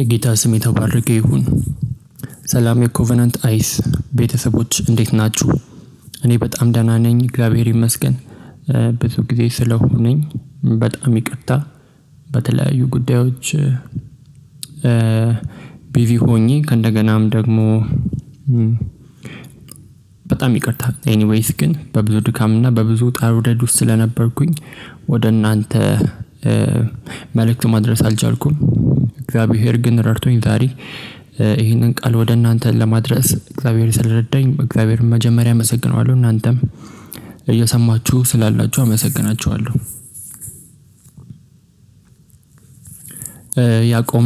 የጌታ ስም የተባረከ ይሁን። ሰላም የኮቨናንት አይስ ቤተሰቦች እንዴት ናችሁ? እኔ በጣም ደህና ነኝ፣ እግዚአብሔር ይመስገን። ብዙ ጊዜ ስለሆነኝ በጣም ይቅርታ። በተለያዩ ጉዳዮች ቢዚ ሆኜ ከእንደገናም ደግሞ በጣም ይቅርታ። ኤኒዌይስ ግን በብዙ ድካምና በብዙ ጣር ውደድ ውስጥ ስለነበርኩኝ ወደ እናንተ መልእክት ማድረስ አልቻልኩም። እግዚአብሔር ግን ረድቶኝ ዛሬ ይህንን ቃል ወደ እናንተ ለማድረስ እግዚአብሔር ስለረዳኝ እግዚአብሔር መጀመሪያ አመሰግነዋለሁ እናንተም እየሰማችሁ ስላላችሁ አመሰግናችኋለሁ።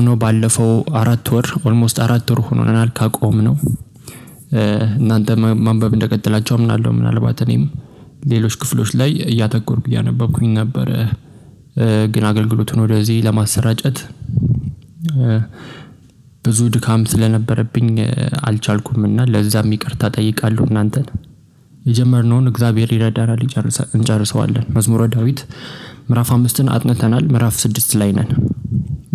ነው ባለፈው አራት ወር ኦልሞስት አራት ወር ሆኖናል ነው። እናንተ ማንበብ እንደቀጠላችሁ አምናለሁ። ምናልባት እኔም ሌሎች ክፍሎች ላይ እያተኮርኩ እያነበብኩኝ ነበረ ግን አገልግሎቱን ወደዚህ ለማሰራጨት ብዙ ድካም ስለነበረብኝ አልቻልኩም እና ለዛም ይቅርታ ጠይቃሉ እናንተን። የጀመርነውን እግዚአብሔር ይረዳናል እንጨርሰዋለን። መዝሙረ ዳዊት ምዕራፍ አምስትን አጥንተናል። ምዕራፍ ስድስት ላይ ነን።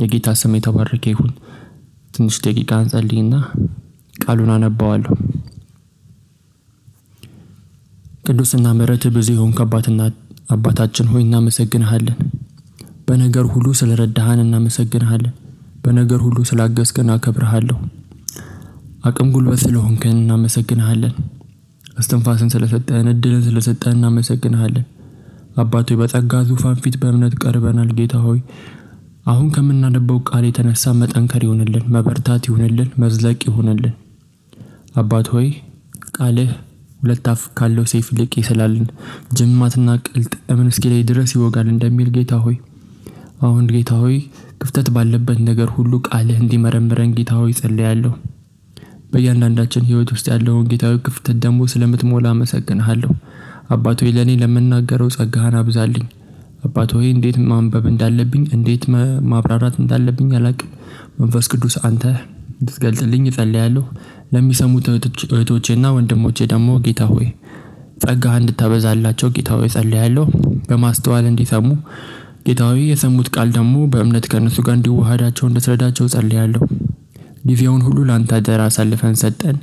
የጌታ ስም የተባረከ ይሁን። ትንሽ ደቂቃ እንጸልይና ቃሉን አነባዋለሁ። ቅዱስና ምረት ብዙ የሆንክ አባታችን ሆይ እናመሰግንሃለን። በነገር ሁሉ ስለረዳሃን እናመሰግንሃለን። በነገር ሁሉ ስላገዝከን አከብርሃለሁ። አቅም ጉልበት ስለሆንከን እናመሰግንሃለን። እስትንፋስን ስለሰጠህን እድልን ስለሰጠህን እናመሰግንሃለን። አባት ሆይ በጸጋ ዙፋን ፊት በእምነት ቀርበናል። ጌታ ሆይ አሁን ከምናነበው ቃል የተነሳ መጠንከር ይሆንልን፣ መበርታት ይሆንልን፣ መዝለቅ ይሆንልን። አባት ሆይ ቃልህ ሁለት አፍ ካለው ሰይፍ ይልቅ ይስላልን፣ ጅማትና ቅልጥምን እስኪለይ ድረስ ይወጋል እንደሚል ጌታ ሆይ አሁን ጌታ ሆይ ክፍተት ባለበት ነገር ሁሉ ቃልህ እንዲመረምረን ጌታ ሆይ ጸልያለሁ። በእያንዳንዳችን ህይወት ውስጥ ያለውን ጌታዊ ክፍተት ደግሞ ስለምትሞላ አመሰግንሃለሁ። አባት ሆይ ለእኔ ለምናገረው ጸጋህን አብዛልኝ። አባት ሆይ እንዴት ማንበብ እንዳለብኝ እንዴት ማብራራት እንዳለብኝ አላቅም። መንፈስ ቅዱስ አንተ እንድትገልጥልኝ ይጸልያለሁ። ለሚሰሙት እህቶቼና ወንድሞቼ ደግሞ ጌታ ሆይ ጸጋህ እንድታበዛላቸው ጌታ ሆይ ጸልያለሁ። በማስተዋል እንዲሰሙ ጌታዊ የሰሙት ቃል ደግሞ በእምነት ከእነሱ ጋር እንዲዋሃዳቸው እንደስረዳቸው ጸልያለሁ። ጊዜውን ሁሉ ለአንተ ደር አሳልፈን ሰጠን።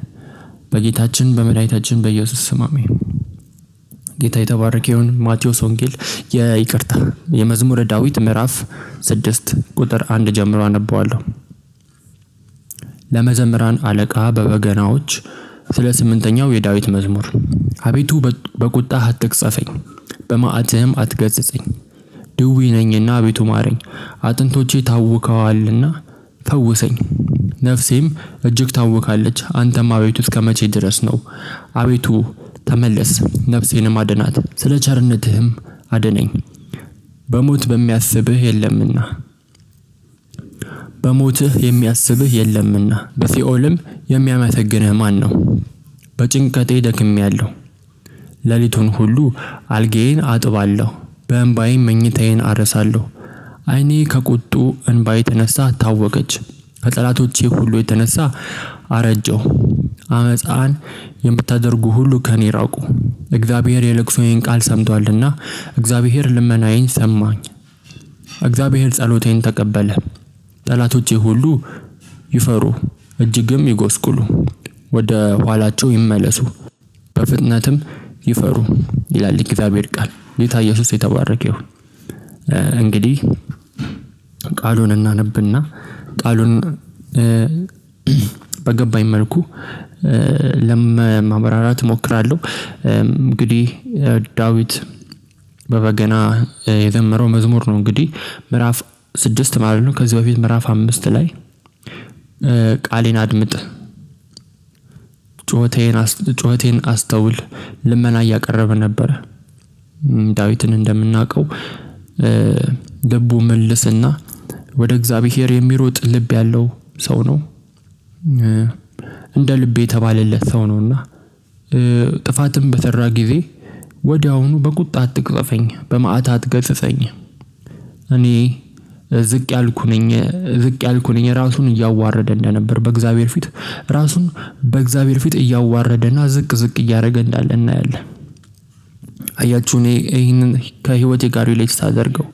በጌታችን በመድኃኒታችን በኢየሱስ ስም ጌታ የተባረከ ይሁን። ማቴዎስ ወንጌል የይቅርታ የመዝሙረ ዳዊት ምዕራፍ ስድስት ቁጥር አንድ ጀምሮ አነበዋለሁ። ለመዘምራን አለቃ በበገናዎች ስለ ስምንተኛው የዳዊት መዝሙር አቤቱ በቁጣህ አትቅጸፈኝ በማዕትህም አትገጽጸኝ። ድዊ ነኝና አቤቱ ማረኝ፣ አጥንቶቼ ታውከዋልና ፈውሰኝ። ነፍሴም እጅግ ታውካለች። አንተም አቤቱ እስከ መቼ ድረስ ነው? አቤቱ ተመለስ፣ ነፍሴንም አድናት፣ ስለ ቸርነትህም አድነኝ። በሞት በሚያስብህ የለምና በሞትህ የሚያስብህ የለምና፣ በሲኦልም የሚያመሰግንህ ማን ነው? በጭንቀቴ ደክሜያለሁ፣ ሌሊቱን ሁሉ አልጋዬን አጥባለሁ። በእንባዬ መኝታዬን አረሳለሁ። አይኔ ከቁጡ እንባ የተነሳ ታወቀች። ከጠላቶቼ ሁሉ የተነሳ አረጀሁ። አመፃን የምታደርጉ ሁሉ ከኔ ራቁ። እግዚአብሔር የለቅሶዬን ቃል ሰምቷልና እግዚአብሔር ልመናዬን ሰማኝ። እግዚአብሔር ጸሎቴን ተቀበለ። ጠላቶቼ ሁሉ ይፈሩ እጅግም ይጎስቁሉ። ወደ ኋላቸው ይመለሱ በፍጥነትም ይፈሩ ይላል እግዚአብሔር ቃል ጌታ ኢየሱስ የተባረከ ይሁን። እንግዲህ ቃሉን እናነብና ቃሉን በገባኝ መልኩ ለማብራራት ሞክራለሁ እንግዲህ ዳዊት በበገና የዘመረው መዝሙር ነው። እንግዲህ ምዕራፍ ስድስት ማለት ነው። ከዚህ በፊት ምዕራፍ አምስት ላይ ቃሌን አድምጥ፣ ጩኸቴን አስተውል ልመና እያቀረበ ነበረ። ዳዊትን እንደምናውቀው ልቡ መልስና ወደ እግዚአብሔር የሚሮጥ ልብ ያለው ሰው ነው። እንደ ልብ የተባለለት ሰው ነውና ጥፋትን በሰራ ጊዜ ወዲያውኑ በቁጣ አትቅጸፈኝ፣ በመዓት አትገስጸኝ፣ እኔ ዝቅ ያልኩነኝ ዝቅ ያልኩነኝ ራሱን እያዋረደ እንደነበር በእግዚአብሔር ፊት ራሱን በእግዚአብሔር ፊት እያዋረደና ዝቅ ዝቅ እያደረገ እንዳለ እናያለን። አያችሁ እኔ ይህንን ከህይወቴ ጋር ሪሌት ሳደርገው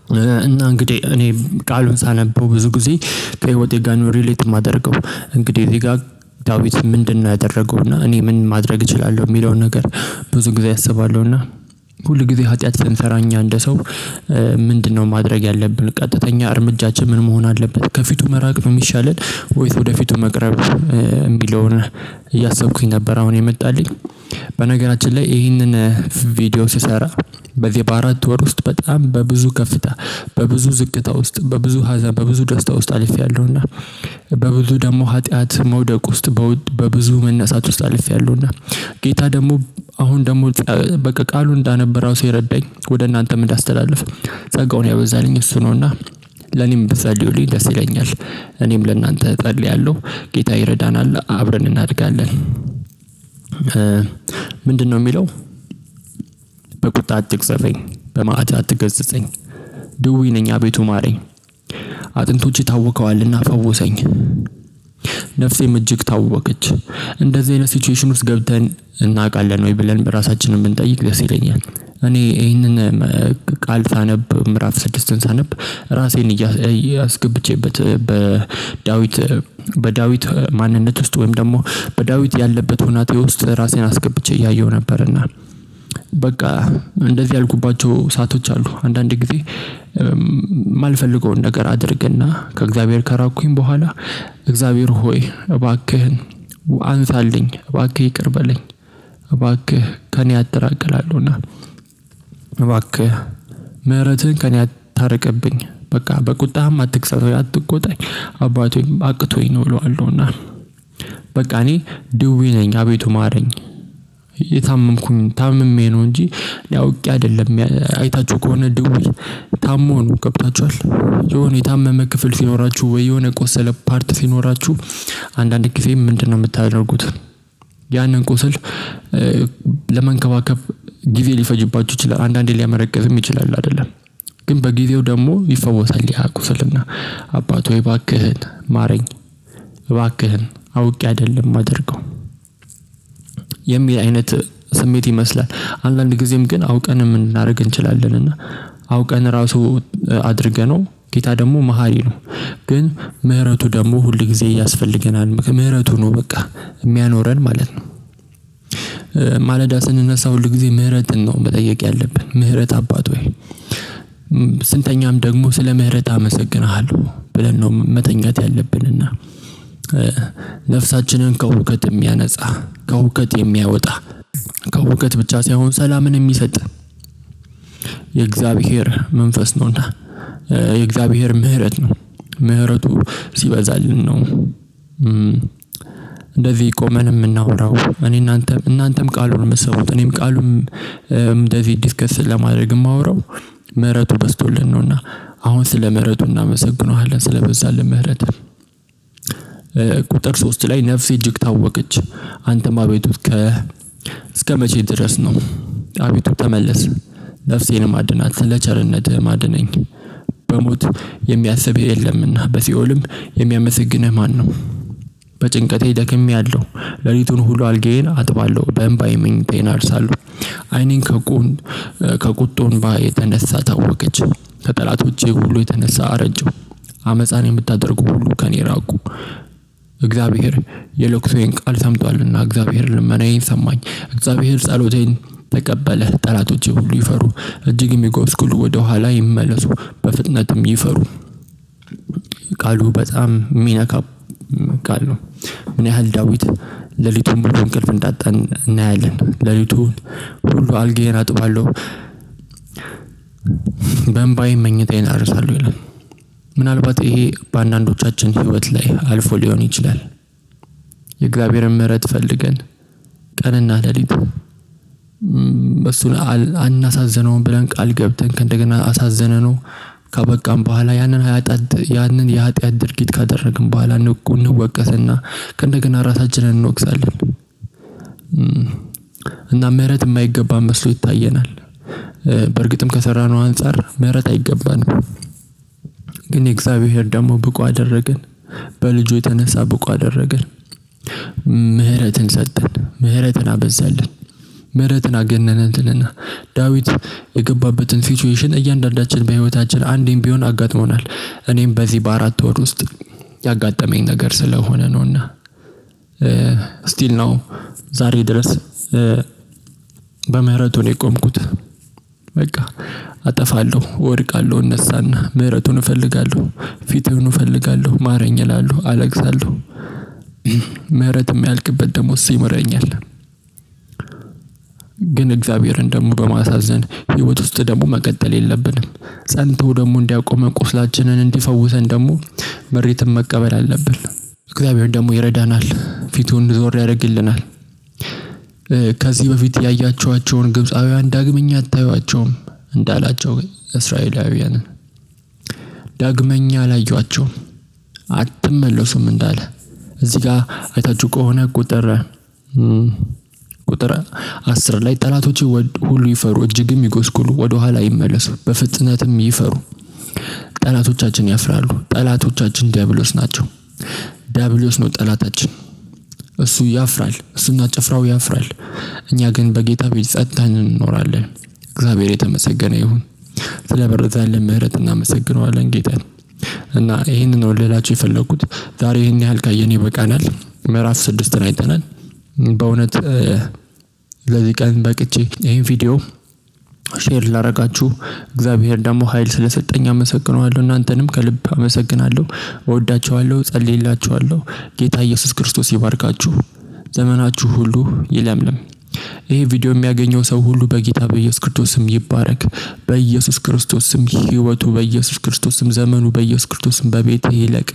እና እንግዲህ እኔ ቃሉን ሳነበው ብዙ ጊዜ ከህይወቴ ጋር ነው ሪሌት ማደርገው እንግዲህ እዚህ ጋር ዳዊት ምንድን ነው ያደረገው እና እኔ ምን ማድረግ እችላለሁ የሚለውን ነገር ብዙ ጊዜ አስባለሁ እና ሁል ጊዜ ኃጢአት ስንሰራኛ እንደ ሰው ምንድን ነው ማድረግ ያለብን? ቀጥተኛ እርምጃችን ምን መሆን አለበት? ከፊቱ መራቅ ነው የሚሻለን ወይስ ወደፊቱ መቅረብ የሚለውን እያሰብኩኝ ነበር አሁን የመጣልኝ። በነገራችን ላይ ይህንን ቪዲዮ ስሰራ በዚህ በአራት ወር ውስጥ በጣም በብዙ ከፍታ፣ በብዙ ዝቅታ ውስጥ፣ በብዙ ሀዘን፣ በብዙ ደስታ ውስጥ አልፌያለሁ ያለውና በብዙ ደግሞ ኃጢአት መውደቅ ውስጥ፣ በብዙ መነሳት ውስጥ አልፌያለሁ ያለውና ጌታ ደግሞ አሁን ደግሞ በቃ ቃሉ እንዳነበራው ሰው ወደ እናንተም እንዳስተላልፍ ጸጋውን ያበዛልኝ እሱ ነውና ለእኔም ብትጸልዩልኝ ደስ ይለኛል። እኔም ለእናንተ ጸልያለሁ። ጌታ ይረዳናል። አብረን እናድጋለን። ምንድን ነው የሚለው? በቁጣ አትቅሰፈኝ፣ በማዕት አትገስጸኝ። ድዊ ነኝ፣ አቤቱ ማረኝ፣ አጥንቶች ታውከዋልና ፈውሰኝ። ነፍሴም እጅግ ታወቀች እንደዚህ አይነት ሲቹዌሽን ውስጥ ገብተን እናውቃለን ወይ ብለን ራሳችንን ብንጠይቅ ደስ ይለኛል። እኔ ይህንን ቃል ሳነብ ምዕራፍ ስድስትን ሳነብ ራሴን እያስገብቼበት በዳዊት በዳዊት ማንነት ውስጥ ወይም ደግሞ በዳዊት ያለበት ሁናቴ ውስጥ ራሴን አስገብቼ እያየው ነበርና በቃ እንደዚህ ያልኩባቸው ሰዓቶች አሉ። አንዳንድ ጊዜ ማልፈልገውን ነገር አድርግና ከእግዚአብሔር ከራኩኝ በኋላ እግዚአብሔር ሆይ እባክህን አንሳልኝ፣ እባክህ ይቅርበለኝ፣ እባክህ ከኔ ያጠራቅላሉና እባክህ ምሕረትህን ከኔ ያታርቅብኝ። በቃ በቁጣህም አትክሰት፣ አትቆጣኝ አባቶ አቅቶኝ ነው እለዋለሁና በቃ እኔ ድዊ ነኝ፣ አቤቱ ማረኝ የታመምኩኝ ታምሜ ነው እንጂ አውቄ አይደለም። አይታችሁ ከሆነ ድዊ ታሞ ነው ገብታችኋል። የሆነ የታመመ ክፍል ሲኖራችሁ ወይ የሆነ የቆሰለ ፓርት ሲኖራችሁ አንዳንድ ጊዜ ምንድነው የምታደርጉት? ያንን ቁስል ለመንከባከብ ጊዜ ሊፈጅባችሁ ይችላል። አንዳንዴ ሊያመረቀዝም ይችላል አይደለም ግን በጊዜው ደግሞ ይፈወሳል። ያ ቁስልና አባቶ እባክህን ማረኝ፣ እባክህን አውቄ አይደለም አደርገው። የሚል አይነት ስሜት ይመስላል። አንዳንድ ጊዜም ግን አውቀን ልናደርግ እንችላለን እና አውቀን ራሱ ነው። ጌታ ደግሞ መሀሪ ነው። ግን ምህረቱ ደግሞ ሁል ጊዜ ያስፈልገናል። ምህረቱ ነው በቃ የሚያኖረን ማለት ነው። ማለዳ ስንነሳ ሁል ጊዜ ምህረትን ነው መጠየቅ ያለብን። ምህረት አባት ወይ ስንተኛም ደግሞ ስለ ምህረት አመሰግናሃለሁ ብለን ነው መተኛት ያለብንና ነፍሳችንን ከውከት የሚያነጻ ከሁከት የሚያወጣ ከውከት ብቻ ሳይሆን ሰላምን የሚሰጥ የእግዚአብሔር መንፈስ ነውና የእግዚአብሔር ምህረት ነው። ምህረቱ ሲበዛልን ነው እንደዚህ ቆመን የምናወራው እኔ እናንተም እናንተም ቃሉን የምትሰሙት እኔም እንደዚህ ዲስከስ ለማድረግ የማወራው ምሕረቱ በዝቶልን ነውና አሁን ስለ ምሕረቱ እናመሰግነዋለን ስለበዛልን ምሕረት ቁጥር ሶስት ላይ ነፍሴ እጅግ ታወቀች፣ አንተም አቤቱ እስከ መቼ ድረስ ነው? አቤቱ ተመለስ፣ ነፍሴንም አድናት፣ ለቸርነትህም አድነኝ። በሞት የሚያስብህ የለምና በሲኦልም የሚያመሰግንህ ማን ነው? በጭንቀቴ ደክም ያለው ሌሊቱን ሁሉ አልጋዬን አጥባለሁ፣ በእንባዬ መኝታዬን አርሳለሁ። ዓይኔን ከቁጡ እንባ የተነሳ ታወቀች፣ ከጠላቶቼ ሁሉ የተነሳ አረጀሁ። አመፃን የምታደርጉ ሁሉ ከኔ ራቁ፣ እግዚአብሔር የልቅሶዬን ቃል ሰምቷልና እግዚአብሔር ልመናዬን ሰማኝ። እግዚአብሔር ጸሎቴን ተቀበለ። ጠላቶች ሁሉ ይፈሩ፣ እጅግ የሚጎስቁሉ ወደ ኋላ ይመለሱ፣ በፍጥነትም ይፈሩ። ቃሉ በጣም የሚነካ ቃል ነው። ምን ያህል ዳዊት ሌሊቱን ሙሉ እንቅልፍ እንዳጣ እናያለን። ሌሊቱን ሁሉ አልጋዬን አጥባለሁ፣ በእንባዬ መኝታዬን አርሳለሁ ይላል። ምናልባት ይሄ በአንዳንዶቻችን ህይወት ላይ አልፎ ሊሆን ይችላል። የእግዚአብሔርን ምሕረት ፈልገን ቀንና ለሊት እሱን አናሳዘነውን ብለን ቃል ገብተን ከእንደገና አሳዘነ ነው ካበቃም በኋላ ያንን ያንን የኃጢአት ድርጊት ካደረግን በኋላ እንወቀስና ከእንደገና ራሳችንን እንወቅሳለን እና ምሕረት የማይገባ መስሎ ይታየናል። በእርግጥም ከሰራነው አንጻር ምሕረት አይገባንም። ግን እግዚአብሔር ደግሞ ብቁ አደረገን። በልጁ የተነሳ ብቁ አደረገን። ምህረትን ሰጠን፣ ምህረትን አበዛልን፣ ምህረትን አገነነልንና ዳዊት የገባበትን ሲቹዌሽን እያንዳንዳችን በህይወታችን አንዴም ቢሆን አጋጥሞናል። እኔም በዚህ በአራት ወር ውስጥ ያጋጠመኝ ነገር ስለሆነ ነውና ስቲል ነው ዛሬ ድረስ በምህረቱ የቆምኩት። በቃ አጠፋለሁ፣ ወድቃለሁ፣ እነሳና ምህረቱን እፈልጋለሁ፣ ፊትህን እፈልጋለሁ፣ ማረኝ እላለሁ፣ አለቅሳለሁ። ምህረት የሚያልቅበት ደግሞ እሱ ይምረኛል። ግን እግዚአብሔርን ደግሞ በማሳዘን ህይወት ውስጥ ደግሞ መቀጠል የለብንም። ጸንተው ደግሞ እንዲያቆመን ቁስላችንን እንዲፈውሰን ደግሞ መሬትን መቀበል አለብን። እግዚአብሔር ደግሞ ይረዳናል፣ ፊቱን ዞር ያደርግልናል። ከዚህ በፊት ያያቸዋቸውን ግብፃውያን ዳግመኛ አታዩቸውም እንዳላቸው እስራኤላውያንን ዳግመኛ አላዩቸውም አትመለሱም እንዳለ እዚህ ጋር አይታችሁ ከሆነ ቁጥር ቁጥር አስር ላይ ጠላቶች ሁሉ ይፈሩ፣ እጅግም ይጎስቁሉ፣ ወደ ኋላ ይመለሱ፣ በፍጥነትም ይፈሩ። ጠላቶቻችን ያፍራሉ። ጠላቶቻችን ዲያብሎስ ናቸው። ዲያብሎስ ነው ጠላታችን። እሱ ያፍራል፣ እሱና ጭፍራው ያፍራል። እኛ ግን በጌታ ቤት ጸጥታን እንኖራለን። እግዚአብሔር የተመሰገነ ይሁን። ስለ በረታለን ምሕረት እናመሰግነዋለን ጌታን እና ይህን ነው ልላችሁ የፈለኩት። ዛሬ ይህን ያህል ካየን ይበቃናል። ምዕራፍ ስድስትን አይተናል። በእውነት ለዚህ ቀን በቅቼ ይህን ቪዲዮ ሼር ላረጋችሁ እግዚአብሔር ደግሞ ኃይል ስለሰጠኝ አመሰግነዋለሁ። እናንተንም ከልብ አመሰግናለሁ። ወዳችኋለሁ፣ ጸልይላችኋለሁ። ጌታ ኢየሱስ ክርስቶስ ይባርካችሁ፣ ዘመናችሁ ሁሉ ይለምልም። ይሄ ቪዲዮ የሚያገኘው ሰው ሁሉ በጌታ በኢየሱስ ክርስቶስ ስም ይባረክ። በኢየሱስ ክርስቶስ ስም ህይወቱ፣ በኢየሱስ ክርስቶስ ስም ዘመኑ፣ በኢየሱስ ክርስቶስ ስም በቤት ይለቅ።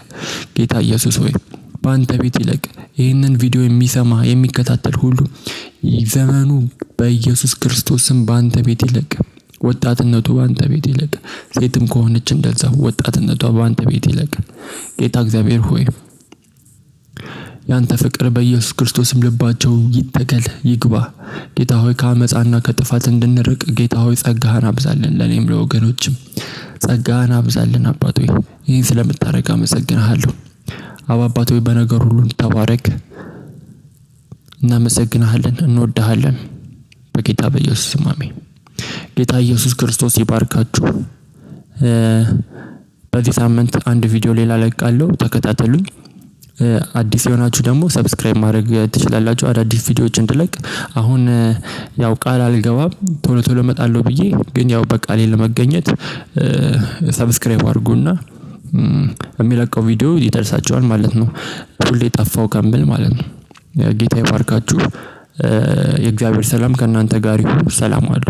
ጌታ ኢየሱስ ሆይ በአንተ ቤት ይለቅ። ይህንን ቪዲዮ የሚሰማ የሚከታተል ሁሉ ዘመኑ በኢየሱስ ክርስቶስም በአንተ ቤት ይለቅ። ወጣትነቱ በአንተ ቤት ይለቅ። ሴትም ከሆነች እንደዛ ወጣትነቷ በአንተ ቤት ይለቅ። ጌታ እግዚአብሔር ሆይ ያንተ ፍቅር በኢየሱስ ክርስቶስም ልባቸው ይተከል ይግባ። ጌታ ሆይ ከአመፃና ከጥፋት እንድንርቅ ጌታ ሆይ ጸጋህን አብዛልን፣ ለእኔም ለወገኖችም ጸጋህን አብዛልን። አባት ሆይ ይህን ስለምታደርግ አመሰግንሃለሁ። አባ አባት ሆይ በነገር ሁሉ ተባረክ። እናመሰግናሃለን፣ እንወዳለን በጌታ በኢየሱስ ስም አሜን። ጌታ ኢየሱስ ክርስቶስ ይባርካችሁ። በዚህ ሳምንት አንድ ቪዲዮ ሌላ ለቃለሁ፣ ተከታተሉኝ። አዲስ የሆናችሁ ደግሞ ሰብስክራይብ ማድረግ ትችላላችሁ፣ አዳዲስ ቪዲዮዎች እንድለቅ። አሁን ያው ቃል አልገባም፣ ቶሎ ቶሎ እመጣለሁ ብዬ ግን ያው በቃሌ ለመገኘት ሰብስክራይብ አድርጉና የሚለቀው ቪዲዮ ይደርሳቸዋል ማለት ነው። ሁሌ ጠፋው ከምል ማለት ነው። ጌታ ይባርካችሁ። የእግዚአብሔር ሰላም ከእናንተ ጋር ይሁን። ሰላም አሉ።